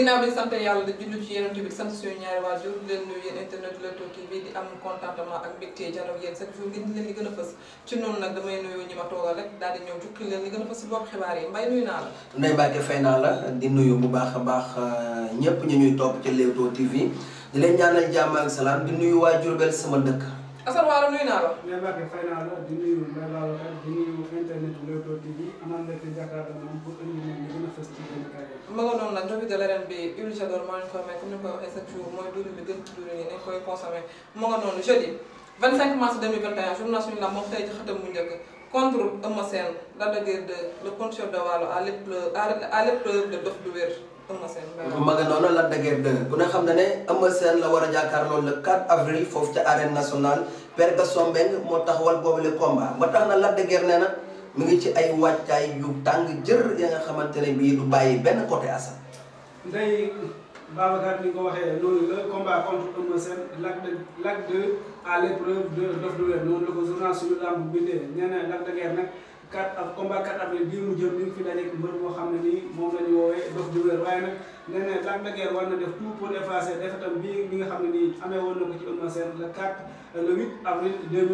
ginnaaw bi sant yàlla di jullu ci yeneen bi sant suñu ñaari waajur di leen nuyu yéen internet Leewtoo TV di am contentement ak mbégte janoog yéen chaque jour ngir leen li gën a fës ci noonu nag damay nuyu ñi ma toogal rek daal di ñëw jukki leen li gën a fës si bopp xibaar yi mbay nuyu naa la Ndeye Mbacke fay naa la di nuyu bu baax a baax euh, ñépp ñu ñuy topp ci Leewtoo TV di leen ñaan jàmm ak salaan di nuyu waa Jurbel sama dëkk Assane Waalo nuyu naa la. mais Mbacke gën a fës ci benn carrière. ma nga noonu nag revue de l'arène bi Ibrahima Jador maa ma koy waxee chaque jour mooy dund bi gën ci dund nii moom tey ci xëtam bu njëkk contre Eumeu Sène Lac de Guiers 2 le conducteur de Waalo à l'épreuve à l'épreuve de Dof du Wér. ma nga noonu Lac de Guiers 2 ku ne xam ne ne Eumeu Sène la war a jàkkaarloo le 4 avril foofu ca arène nationale Père Gaston Mbengue moo taxawal boobu le combat moo tax na Lac de Guiers nee na mu ngi ci ay wàccaay yu tàng jër ya nga xamante ne bii du bàyyi benn côté Assane. ndey Babacar ni ko waxee noonu la combat contre Eumeu Sène Lac de 4 av combat 4 avril bii mu jëm mi ngi fi dajeeg mbër moo xam ne nii moom la woowee dof ju wér waaye nag nee na de Guiers war na def tout pour effacer defetam bii mi nga xam ne nii amee woon na mu ci Eumeu Sène le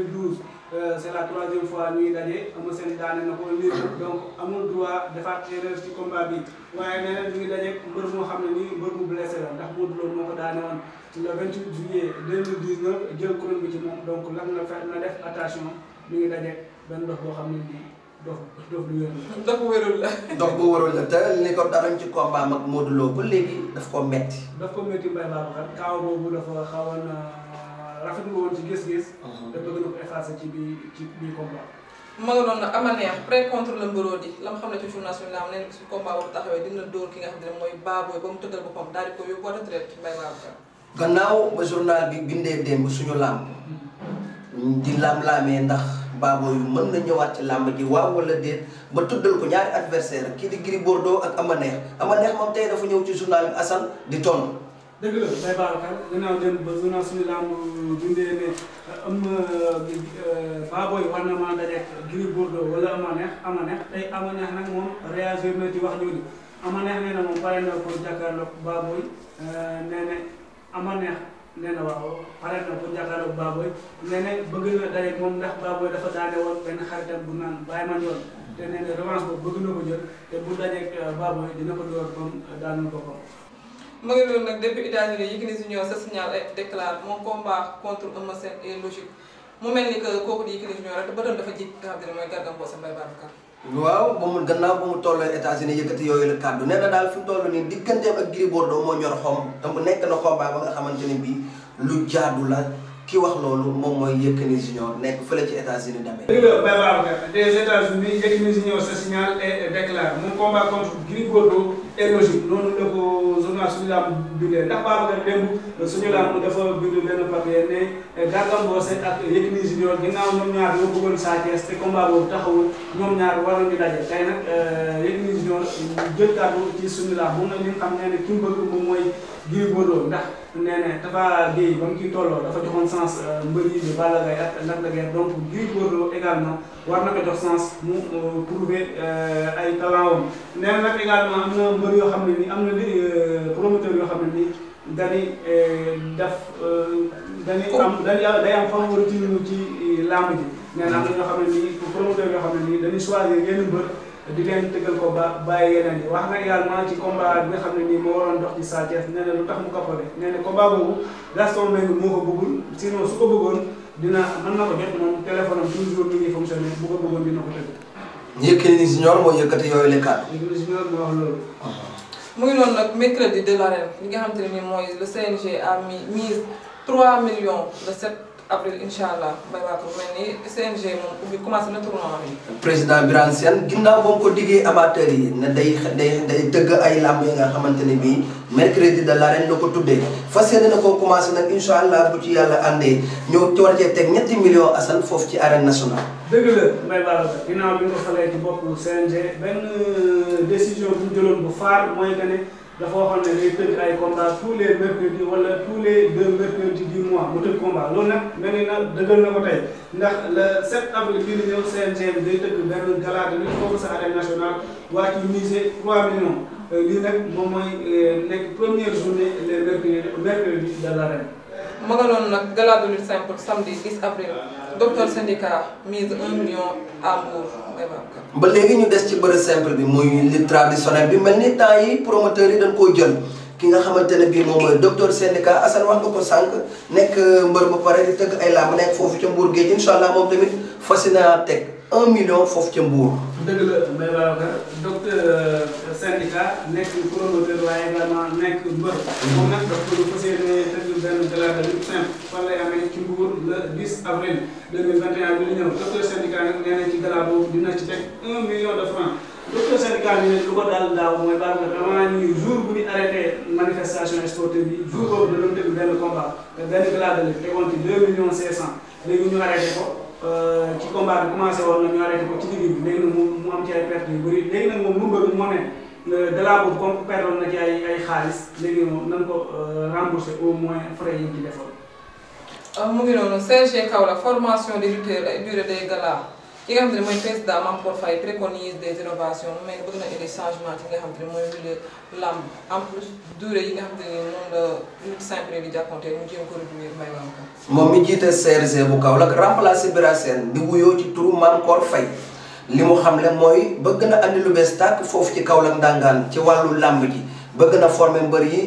euh, euh, la troisième fois ñuy daje Eumeu Sène daane na ko lii donc amul droit defaat erreur ci combat bi waaye nee na ngi dajeeg mbër moo xam ne nii mbër mu blessé la ndax Modou Lo moo ko daane woon le 28 juillet 2019 jël couronne bi ci moom donc lan la fekk na def attention mi ngi dajeeg benn dox ne dox dox bu wérul la. dox bu wérul la. dox bu wérul la te li ko darañ ci combat mag Modou Lo ba léegi daf ko metti daf ko metti dafa euh, mhm. na ko effacer ci bi ci bi combat. ma nga doon ama neex la nga xam ne ci journal suñu laam nee na su combat boobu taxawee dina dóor ki nga xam ne mooy Baboy ba mu tëddal boppam daal di ko yóbbu wala traite Mbaye Babacar. gannaaw ba journal bi bindee démb suñu laam. Mhm. di laam-laamee ndax. baaboo yu mën na ñëwaat ci làmb ji waaw wala déet ba tuddal ko ñaari adversaire kii di Gris Bordeaux ak Ama Neex Ama Neex moom tey dafa ñëw ci journal bi Assane di tontu. dëgg la euh, a nag moom réagir na ci wax jooju Ama Neex nee moom pare na pour jàkkaarloog baaboo yi euh, nee na nee na waaw pare na bu jàkkaarloog Baboy nee bëgg na daje moom ndax Baboy dafa daane woon benn xaritam bu naan bàyyi ma ñoon te nee na revanche boobu bëgg na ko jël te bu dajeeg euh, Baboy dina ko door moom daanu ko ko. ma ngi loolu nag depuis États-Unis Yékini Junior sa signal et déclare mon combat contre Eumeu Sène est logique mu mel ni que kooku di Yékini Junior rek ba doon dafa ji nga xam mooy gàddaam boo sa mbay Babacar waaw ba mu gannaaw ba mu tolloo États-Unis yëkkati yooyu la kàddu nee na daal fi mu toll nii digganteem ak Gris Bordeaux moo ñor xom te mu nekk na combat ba nga xamante ne bii lu jaadu la ki wax loolu moom mooy Yékini Junior nekk fële ci États-Unis d'Amérique. dëgg la Baye Babacar des États-Unis Yékini Junior se signale et déclare mon combat contre Gris Bordeaux noonu la ko journal suñu laam bindee ndax Babacar démb suñu laam dafa bind benn papier Junior ginnaaw ñoom ñaar ñoo bëggoon Sa Thiès te combat boobu taxawul ñoom ñaar war nañu euh, Junior jël kàddu ci suñu laam moom nag ñu ne ne ki mu mooy. Gris Bordeaux ndax nee na Tapha Gueye ba mu ciy tolloo dafa joxoon sens euh, mbër yi di Balla Gaye ak Lac de Guiers donc Gris Bordeaux également war na ko jox sens mu euh, prouver euh, ay talent am nee na am na mbër yoo xam ne nii am na li promoteur yoo xam ne ni dañuy def dañuy am dañuy day am favoritisme ci làmb ji nee am na ñoo xam ne ni promoteur yoo xam ne ni dañuy choisir yenn mbër di leen tëggal ko ba bàyyi yeneen yi wax na également ci combat bi nga xam ne nii moo waroon dox ci Sa Thiès nee na lu tax mu kappale nee na combat boobu Gaston Mbengue moo ko bëggul sinon su ko dina mën na ko jot moom téléphone am toujours mi ngi fonctionné bu ko bëggoon dina ko tëgg. Yékini Junior moo yëkkati yooyu les cadres. Yékini Junior moo wax loolu. muy noonu nag mercredi de l'arène li nga xam te ne nii mooy le CNG a mis mise 3 millions de avril incha allah mbay waa ko mel ni CNG moom ubbi commencé na tournoi bi. président Birane Sène ginnaaw ba mu ko diggee amateur yi na day day day dëgg ay làmb yi nga xamante ne bii mercredi de l'arène la ko tuddee fas yéene na koo commencé nag incha allah bu ci yàlla àndee ñëw ci war cee teg ñetti millions asal foofu ci arène nationale. dëgg la mbay baal la ginnaaw bi nga ko falee ci CNG benn euh, décision bu ñu bu faar mooy que ne. dafa waxoon ne day tëgg ay combat tous les mercredis wala tous les deux mercredis du mois mu tëgg combat loolu nag mel na dëggal na ko tey ndax le 7 avril bii di ñëw CNG bi day tëgg benn gala de lutte foofu sa arène waa ci musée 3 millions euh, lii nag moom mooy euh, nekk première journée les mercredis mercredi de ma nga nag gala de lutte simple samedi 10 avril docteur syndicat mise 1 million à Mbour ba léegi ñu des ci bëre simple bi muy lutte traditionnelle bi mel ni temps yi promoteurs yi dañ koo jël ki nga xamante ne bii moom mooy docteur syndicat Assane wax nga ko sànq nekk mbër bu pare di tëgg ay làmb nekk foofu ca Mbour géej incha allah moom tamit fas naa teg. un million foofu ca Mbour. dëgg la mais waaw docteur euh, syndicat nekk promoteur waaye nekk mbër. Mm-hmm. moom de lutte simple fan lay amee ci Mbour le 10 avril 2021 bi li ñëw docteur ci gala boobu dina ci teg un million de francs. docteur syndicat bi ne lu ko daal daaw mooy baax na vraiment ñuy jour bu ñu arrêté manifestation sportive bi jour boobu da doon tëgg benn combat benn de lutte deux millions cinq cent léegi ñu arrêté ko. Euh, ci combat bi commencé woon na ñu arrêté ko ci digg bi léegi nag mu mu am ci ay perte yu bëri léegi nag moom lu mu bëgg moo ne dalaa boobu comme perdoon na ci ay ay xaalis léegi moom nan ko euh, remboursé au moins frais yi ci defoon. Euh, mu ngi noonu CNG Kaolack formation des lutteurs et durée des galas ki nga xam te ne mooy président Mampor Faye préconise des innovations mais bëgg na indi changement ci nga xam te mooy milieu làmb en plus durée yi nga xam te moom la. Saint Pré di jàppante mu moom mi jiite CRG bu Kaolack remplacé Bira Sène di wuyoo ci turu Mankor Faye li mu xam ne mooy bëgg na andi lu bees tàkk foofu ci kaw Kaolack ndàngaan ci wàllu làmb ji bëgg na former mbër yi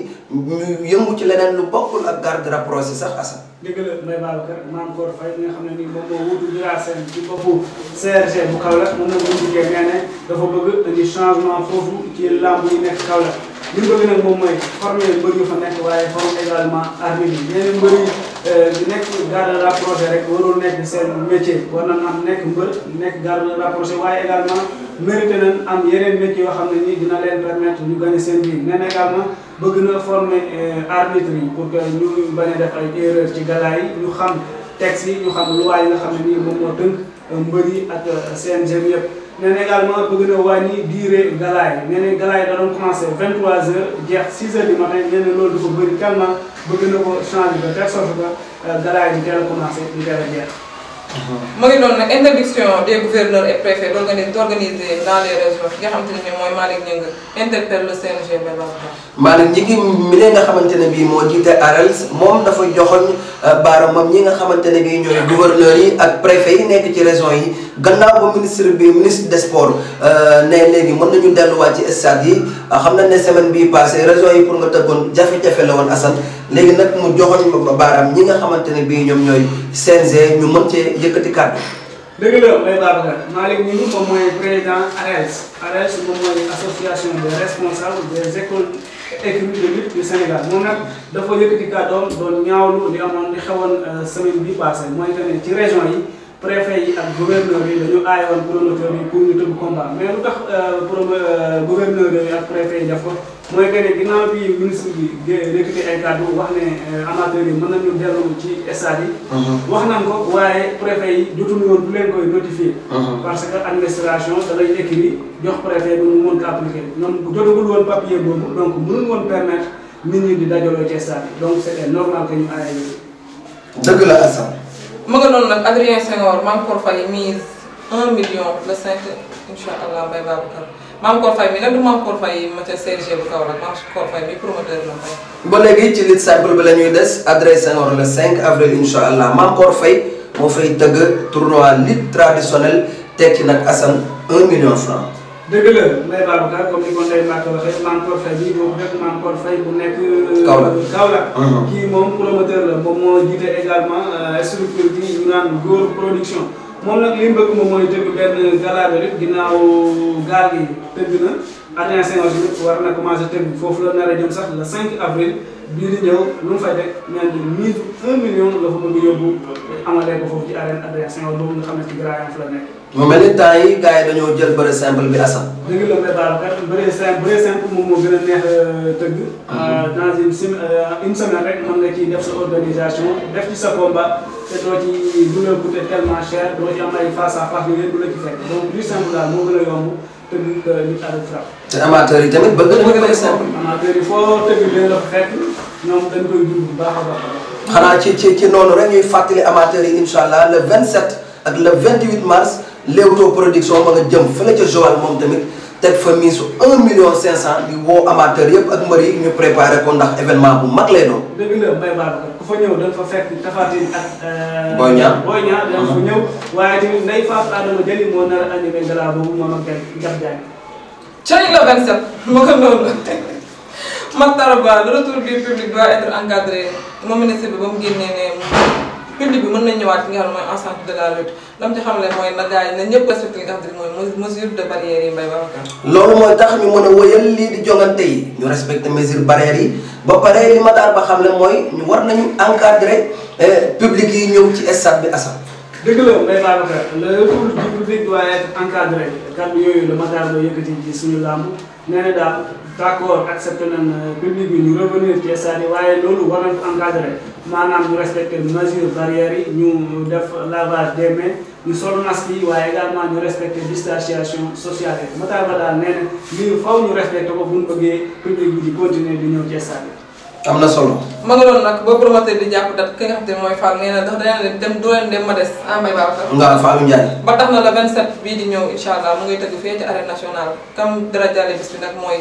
ñu yëngu ci leneen nu bokkul ak garde rapproché sax Assane. dëgg la Mbaye Babacar Mankor Faye mi nga xam ne nii moom moo wutu Bira ci boppu CRG bu Kaolack la ko na dafa bëgg indi changement foofu ci làmb li mu bëgg nag moom mooy former mbër yu fa nekk waaye former également armée bi mbër yi euh, nekk garde rapproché rek warul nekk seen métier war nañ am nekk mbër nekk garde rapproché waaye également mérité nañ am yeneen métier yoo xam ne nii dina leen permettre ñu gagné seen biir nee na également bëgg na former euh, arbitre yi pour que ñu bañ a def ay erreur ci gala yi ñu xam texte yi ñu xam luwaay yi nga xam ne nii moom moo tënk euh, mbër yi ak CNG yëpp. nee na également bëgg na wàññi durée galaay nee na galaay da doon commencé 23h jeex 6h di matin nee na loolu dafa bëri tellement bëgg na ko changer de telle sorte que euh, galaay di teel a commencé di teel a ma ngi doon nag interdiction des gouverneurs et préfets d'organiser d'organiser dans les régions ki nga xamante ne bii mooy Malick Gningue maanaam ñi mi nga xamante ne bii moo jiite ARELS moom dafa baaram euh, baaraamam ñi nga xamante ne bii ñooy gouverneurs yi ak préfet yi nekk ci régions yi gannaaw ba ministre bi ministre des sports euh, ne léegi mën nañu delluwaat ci stade yi xam na ne semaine bii passé régions yi pour nga tëggoon jafe-jafe la woon Assane. léegi nag mu joxoon ma baaraam ñi nga xamante ne bii ñoom ñooy CNG ñu mën cee yëkkati kàddu. dëgg la Mbaye Babacar Malick Ngingue mooy président ARELS ARELS moom mooy association des responsables des écoles écuries de lutte du Sénégal moom nag dafa yëkkati kàddoom doon ñaawlu li amoon li xewoon euh, semaine bi passée mooy que ne ci région yi. préfet yi ak gouverneur yi dañu aayoon promoteur yi pour ñu tëgg combat mais lu tax euh, promo euh, yi ak ko mooy que ne ginnaaw bi ministre bi yëkkati ay kàddu wax ne euh, amateurs yi mën nañu dellu ci stade yi. Uh-huh. wax nañ ko waaye préfet yi jotuñu woon du leen koy notifier. Uh-huh. parce que administration da lay écrire jox préfet bi mu mën ko appliquer ñoom jotagul woon papier boobu donc mënuñu woon permettre nit ñi di dajaloo ci stade donc c' est normal que ñu aayee. la Assane. ma nga noonu nag Adrien Senghor Mame Cor Faye mise 1 million le 5 incha allah Mbaye Babacar Mame Cor Faye mi nag du Mame Cor Faye ma ca CRG bu kaw rek Mame Cor Faye mi promoteur la Mbaye. ba léegi ci lutte simple bi la ñuy des Adrien Senghor le 5 avril incha allah Mame Cor fay moo fay tëgg tournoi lutte traditionnelle tekki nag Assane 1 million franc. dëgg la Ndeye Babacar comme ni ko Ndeye Babacar waxee Mankor Faye bi moom rek Mankor Faye bu nekk. Euh, Kaolack uh-huh. kii moom promoteur la moom moo jiite également euh, structure bi ñu naan góor production. moom nag li mu bëgg moom mooy tëgg benn gala de lutte ginnaaw gaal gi tëgg na Adrien Senghor bi war na commencé tëgg foofu la nar a jëm sax le 5 avril bii di ñëw lu mu fay teg ñaan di mise million la fa bëgg yóbbu amalee ko foofu ci arène Adrien Senghor boobu nga xam ne ci Grand mu mel ni temps yi gars yi dañoo jël bëre simple bi Assane. dëgg la mais daal kat bëre simple bëre simple moom moo gën a neex euh, dëgg. Mhm. Ah, dans une euh, une semaine rek mën nga ciy organisation def ci te doo ci du la coûter tellement cher doo ci am ay face à face yooyu du la ci fekk donc du simple daal moo gën a yomb tëgg nit avec frappe. te amateurs bëgg nañu bëre simple. amateurs yi foo tëgg fekk ñoom dañ koy dund bu baax a baax. xanaa ci ci ci noonu rek ñuy fàttali amateurs yi incha allah le 27 ak le 28 mars. Leewtoo production ma nga jëm fële ca Joal moom tamit teg fa mise un million cinq cent woo amateur yëpp ak mbër yi ñu préparé ko ndax événement bu mag lay doon. dëgg la Mbaye Babacar ku fa ñëw da nga fa fekk tafatin ak. Euh, Boy Niang Boy Niang da ñëw. waaye tamit Ndeye Fatou Adama Jali moo nar a animé gala boobu moom ak Jab Diagne. cëriñ la 27 ma a noonu Matar Ba le retour du public doit être encadré moom ministre bi ba mu génnee ne public bi mën nañ ñëwaat fi nga xam ne mooy enceinte de la lutte lam ci xamle mooy na gars yi ñëpp respecté nga xam ne mooy mesure de barrière yi mbay Babacar loolu mooy tax ñu mën a wëyal lii di jongante yi ñu respecté mesure barrière yi ba pare li ma daal ba xam ne mooy ñu war nañu encadré eh, public yi ñëw ci stade bi Assane dëgg la Mbaye Babacar le retour du public doit être encadré kàddu yooyu la Matar Ba yëkkati ci suñu làmb nee na d' accord accepté nañ euh, public bi ñu revenir ci stade yi waaye loolu war nañ ko encadré maanaam ñu respecté mesures barrières yi ñu def lavage des mains ñu sol masque yi waaye également ñu respecté distanciation sociale yi Matar Ba daal nee na lii faw ñu respecté ko bu ñu bëggee public bi di continuer di ñëw ci yi. am na solo. ma nga doon nag ba promoteur di jàpp dat ki nga te mooy Fall nee na ndax dem doo leen dem ma des ah Mbaye Babacar. Ngal ba tax na le 27 bii di ñëw incha allah mu ngay tëgg fee ci arène nationale mooy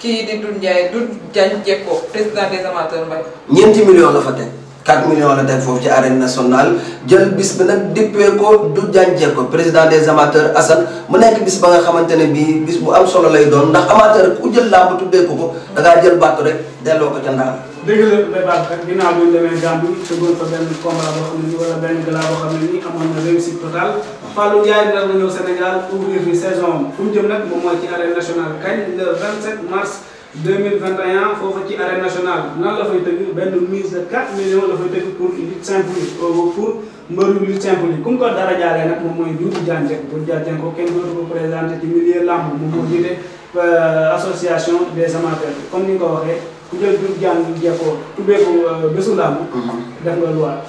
kii di Doudou Ndiaye Doudou Diagne Diecko président des amateurs mbay. ñeenti millions la fa teg 4 millions la teg foofu ci arène nationale jël bis bi nag dippee ko Doudou Diagne Diecko président des amateurs Assane mu nekk bis ba nga xamante ne bii bis bu am solo lay doon ndax amateur ku jël laa làmb tuddee ko ko da jël bàttu rek delloo ko ca ndaam. dëgg la Bébé Babacar ginnaaw bi ñu demee Gambie tëggoon fa benn combat boo xam ne nii wala benn gala boo xam ne nii amoon Fallou Ndiaye nar na ñëw Sénégal ouvrir fi saison fu mu jëm nag moom mooy ci arène nationale kañ le 27 mars 2021 foofu ci arène nationale nan la fay tëgg benn mise de 4 millions la fay tëgg pour lutte simple euh, pour mbëru lutte simple yi ku mu ko dara jaaree nag moom mooy Doudou Diagne Dieng Doudou Diagne Dieng kenn ko présenté ci milieu lamb moom moo jiite euh, association des amateurs comme ni nga ko waxee ku jël Doudou Diagne Dieng ko tuddee ko euh, bésu lamb. Mm-hmm. def nga lu war.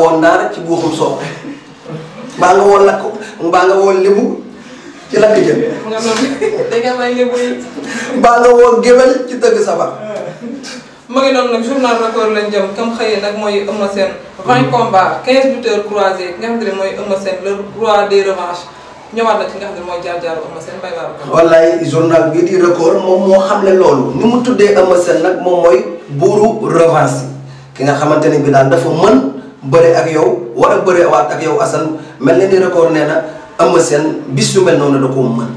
woon daara ci buuxum soow. mbaa nga woo lakk mbaa nga woo lebu ci lakk jël. mbaa nga woo géwél ci tëgg sabar. ma ngi noonu nag journal record lañ jëm kam xëyee nag mooy Eumeu Sène. 20 mm. combats 15 lutteurs croisés nga xam mooy Eumeu Sène le na ci nga mooy jaar-jaaru Eumeu Sène mbay baax wallaay di record moom moo xamle loolu ni mu tuddee Eumeu Sène nag moom mooy buuru ki nga xamante ne bi naan dafa man bëre ak yow war a bëre waat ak yow Assane mel na ni record nee na Eumeu Sène bis yu mel noonu da koo mën.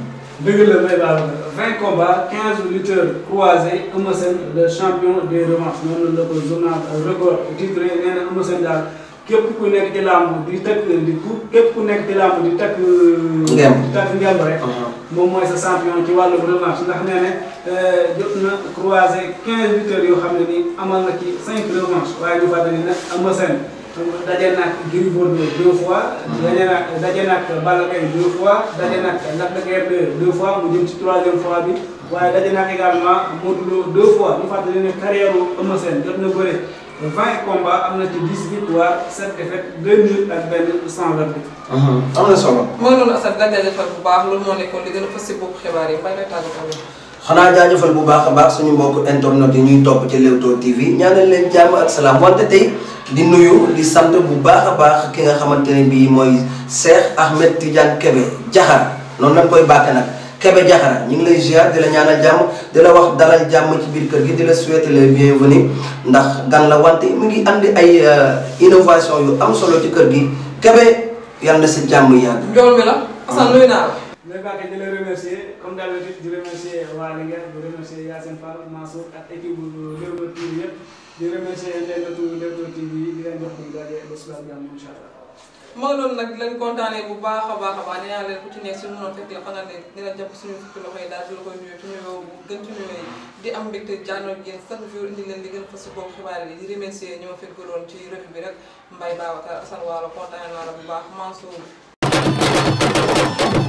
la may baax na vingt combats quinze lutteurs croisés Eumeu Sène le champion des revanches noonu la ko journal record titré nee na Eumeu daal képp ku nekk ci làmb di takk di képp ku nekk ci làmb di takk. ngemb di takk ngemb rek. Uh-huh. moom mooy sa champion ci wàllu revanche ndax nee na euh, jot na croisé quinze lutteurs yoo xam ne nii amal na ci cinq revanches waaye ñu fàttali nag Eumeu Sène. daje na ak Gris Bordeaux deux fois. daje na ak daje na deux fois. daje na ak Lac de Guiers deux fois mu jëm ci troisième fois bi. waaye daje na ak également deux fois ñu fàttali ne carrière Eumeu Sène jot na bëre vingt combats am na ci dix victoires sept défaites deux nuls ak benn sans verdict. am na solo. mooy loolu Assane nga jaajëfal bu baax loolu moo nekkoon li gën a fës si bopp xibaar yi mbay lay tàggatoo xanaa jaajëfal bu baax a baax suñu mbokk internet yi ñuy topp ci Leewtoo TV ñaanal leen jàmm ak salaam wante tey di nuyu di sant bu baax a baax ki nga xamante ne bii mooy Cheikh Ahmed Tidiane kebe Diakhar noonu lañ koy bàkke nag kebe Diakhar ñu ngi lay ziar di la ñaanal jàmm di la wax dalal jàmm ci biir kër gi di la souhaiter le bienvenu ndax gan la wante mu ngi andi ay euh, innovation yu am solo ci kër gi Kébé yal na si jàmm yàgg. comme d'habitude di remercier waa Linguère di remercier Yacine Fall Mansour ak bu nag di leen bu baax a baax a baax nee naa leen ku ci nekk suñu mënoon fekk la nga di la koy nuyoo ci nuyoo bu gën ci am mbégte jànnoo ak yéen chaque indi leen di gën fas bopp xibaar yi di remercier ñoo fekkaloon ci revue bi rek Mbaye Babacar Assane Waalo kontaanee naa la bu baax Mansour